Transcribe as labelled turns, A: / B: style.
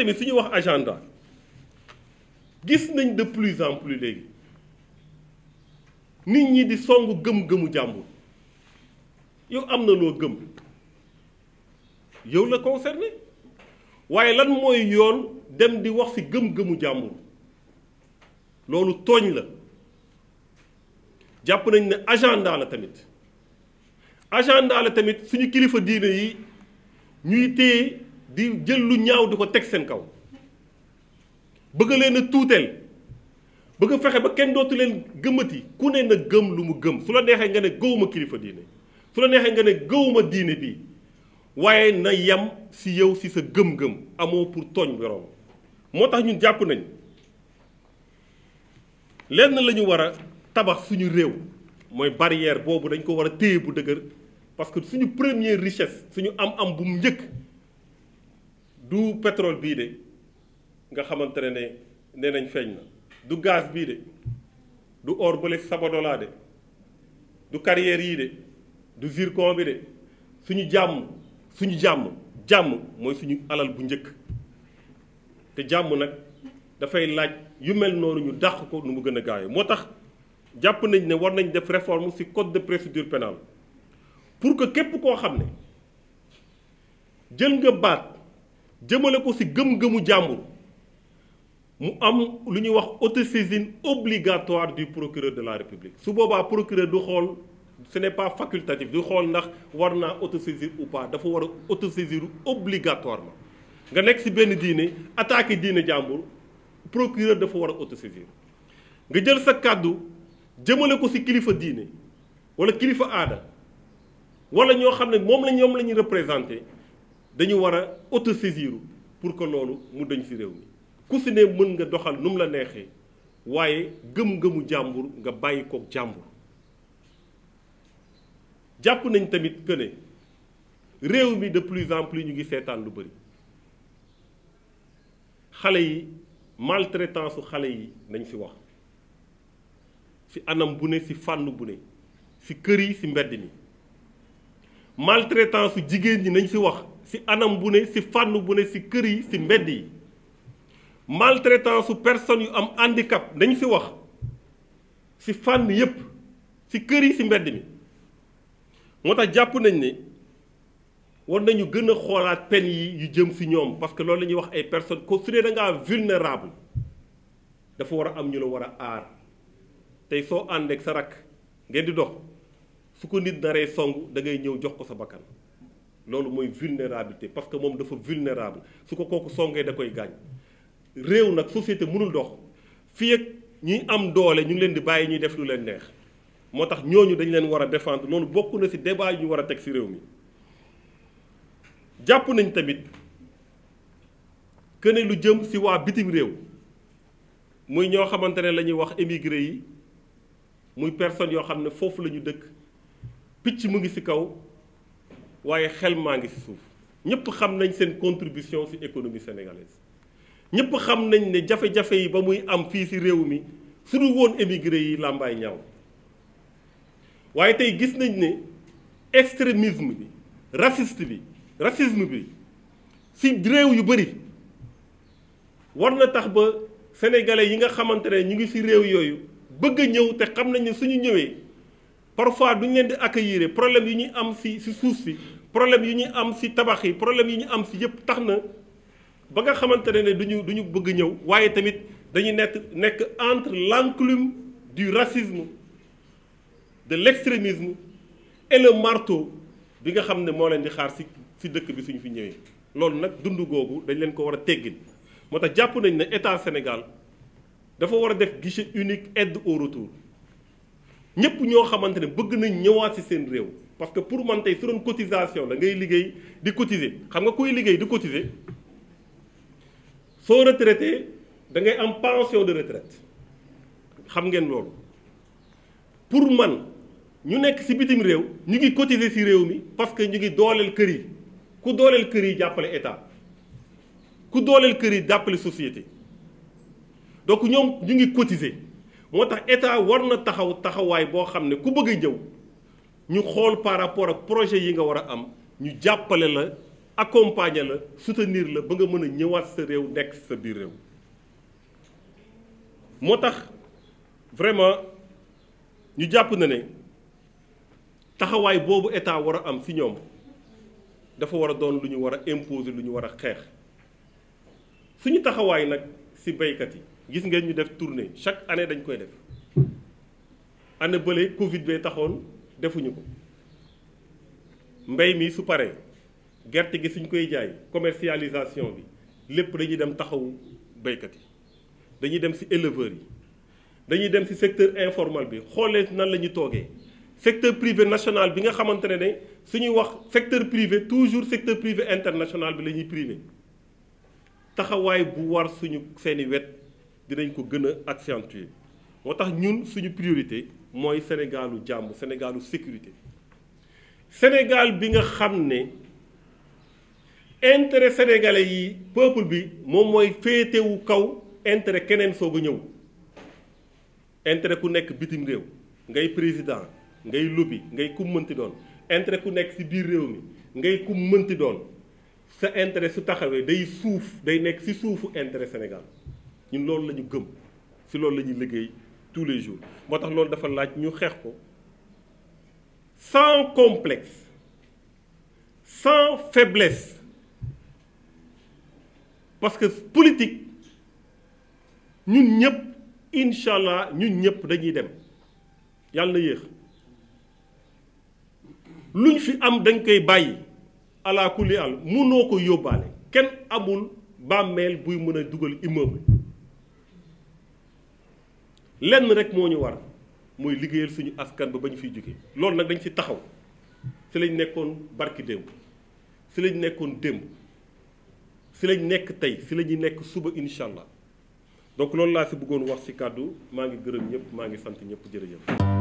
A: tamit suñu wax agenda gis nañ de plus en plus léegi nit ñi di songu gëm-gëmu jàmbur yow am na loo gëm yow la concerné waaye lan mooy yoon dem di wax ci gëm-gëmu jàmbur loolu tooñ la jàpp nañ ne agenda la tamit agenda la tamit suñu kilifa diine yi ñuy téye di jël lu ñaaw di ko teg seen kaw bëgg leen a tuuteel bëgg a fexe ba kenn dootu leen gëmati ku ne na gëm lu mu gëm su la neexee nga ne gëwuma kilifa diine su la neexee nga ne gëwuma diine bi waaye na yem si yow si sa gëm-gëm amoo pour tooñ borom moo tax ñun jàpp nañ lenn la ñu war a tabax suñu réew mooy barrière boobu dañ ko war a téye bu dëgër parce que suñu premier richesse suñu am-am bu mu njëkk. du pétrole bii de nga xamante ne ne nañ feeñ na du gaz bii de du or bële Sabodala de du carrière yii de du zircon bi de suñu jàmm suñu jàmm jàmm mooy suñu alal bu njëkk te jàmm nag dafay laaj yu mel noonu ñu dàq ko nu mu gën a gaawee moo tax jàpp nañ ne war nañ def réforme ci code de procédure pénale pour que képp koo xam ne jël nga baat jëmale ko ci gëm-gëmu jàmbur mu am lu ñuy wax autosaisine obligatoire du procureur de la république su boobaa procureur du xool ce n'est pas facultatif du xool ndax war naa autosaisir ou pas dafa war a autosaisir obligatoirement nga nekk ci benn diine attaqué diine jàmbur procureur dafa war a autosaisir nga jël sa kàddu jëmale ko ci kilifa diine walla kilifa aada walla ñoo xam ne moom la ñoom la ñuy représenté dañu war a autosaisir pour que loolu mu dañ ci réew mi ku si ne mën nga doxal nu mu la neexee waaye gëm-gëmu jàmbur nga bàyyi koog jàmbur jàpp nañ tamit que ne réew mi de plus en plus ñu ngi seetaan lu bëri xale yi maltraitance su xale yi nañ si wax si anam bu ne si fànn bu ne si kër yi si mbedd mi maltraitance su jigéen ñi nañ si wax si anam bu ne si fànn bu ne si kër yi si mbedd yi maltraitance su personnes yu am handicap dañ si wax si fànn yépp si kër yi si mbedd mi moo tax jàpp nañ ne war nañu gën a xoolaat peine yi yu jëm si ñoom parce que loolu lañuy wax ay personnes ko su dee da vulnérable dafa war a am ñu la war a aar tey soo àndeek sa rakk ngeen di dox su ko nit naree songu dangay ñëw jox ko sa bakkan loolu mooy vulnérabilité parce que moom dafa vulnérable su ko kooku songee da koy gaañ réew nag société mënul dox fii ak ñi am doole ñu ngi leen di bàyyi ñuy def lu leen neex moo tax ñooñu dañ leen war a défendre loolu bokk na ci débat yu ñu war a teg ci réew mi jàpp nañ tamit que lu jëm ci waa bitim réew muy ñoo xamante ne la ñuy wax émigré yi muy personne yoo xam ne foofu la ñu dëkk picc mu ngi ci kaw waaye xel maa ngi si suuf ñëpp xam nañ seen contribution si économie sénégalaise ñëpp xam nañ ne jafe-jafe yi ba muy am fii si réew mi su dul woon émigré yi làmbaay ñaaw waaye tey gis nañ ne extrémisme bi raciste bi racisme bi si réew yu bëri war na tax ba sénégalais yi nga xamante ne ñu ngi si réew yooyu bëgg a ñëw te xam nañ ne suñu ñëwee parfois duñ leen di accueillir problème yi ñuy am si si suuf si problème yi ñuy am si tabax yi problème yi ñu am si yëpp tax na ba nga xamante ne ne duñu duñu bëgg ñëw waaye tamit dañu nekk nekk entre l'enclume du racisme de l'extrémisme et bi nga xam ne moo leen di xaar si si dëkk bi suñu fi ñëwee loolu nag dund googu dañ leen ko war a teggin moo tax jàpp nañ ne état Sénégal dafa war a def guichet unique aide au retour ñëpp ñoo xamante ne bëgg nañ ñëwaat ci seen réew parce que pour man tey su doon cotisation la ngay liggéey di cotiser xam nga kuy liggéey di cotiser soo retraité da ngay am pension de retraite xam ngeen loolu pour man ñu nekk ci bitim réew ñu ngi cotiser ci réew mi parce que ñu ngi dooleel kër yi ku dooleel kër yi jàppale état ku dooleel kër yi jàppale société donc ñoom ñu ngi cotisé moo tax état war na taxaw taxawaay boo xam ne ku bëgg a ñu xool par rapport ak projet yi nga war a am ñu jàppale la accompagner la soutenir la ba nga mën a ñëwaat sa réew nekk sa biir réew moo tax vraiment ñu jàpp na ne taxawaay boobu état war a am si ñoom dafa war a doon lu ñu war a imposer lu ñu war a xeex suñu taxawaay nag si baykat yi gis ngeen ñu def tournée chaque année dañ koy def année bële Covid bee taxoon defuñu ko mbay mii su paree gerte gi suñ koy jaay commercialisation bi lépp dañuy dem taxawu béykat yi dañuy dem ci éleveurs yi dañuy dem ci secteur informel bi xoolee nan la ñu toogee secteur privé national bi nga xamante ne ne suñuy wax secteur privé toujours secteur privé international bi la ñuy privé taxawaay bu war suñu seeni wet dinañ ko gën a accentuer moo tax ñun suñu priorité mooy Sénégalu jàmm Sénégalu sécurité Sénégal bi nga xam ne intérêt sénégalais yi peuple bi moom mooy féetewu kaw intérêt keneen soog a ñëw intérêt ku nekk bitim réew ngay président ngay lobby ngay ku mënti doon intérêt ku nekk ci biir réew mi ngay ku mënti doon sa intérêt su taxawee day suuf day nekk ci suufu intérêt Sénégal ñun loolu la ñu gëm si loolu la ñuy liggéey tous les jours moo tax loolu dafa laaj ñu xeex ko sans complexe sans faiblesse parce que politique ñun ñëpp incha allah ñun ñëpp dañuy dem yàlla na yéex luñ fi am dañ koy bàyyi alaa kulli àll mënoo ko yóbbaale kenn amul bàmmeel buy mën a dugal immeuble lenn rek moo ñu war mooy liggéeyal suñu askan ba ba ñu fiy jóge loolu nag dañ ci taxaw si lañ nekkoon barki démb si lañ nekkoon démb si lañ nekk tey si la ñuy nekk suba incha allah donc loolu laa si bëggoon wax si kàddu maa ngi gërëm ñëpp maa ngi sant ñëpp jërëjëf.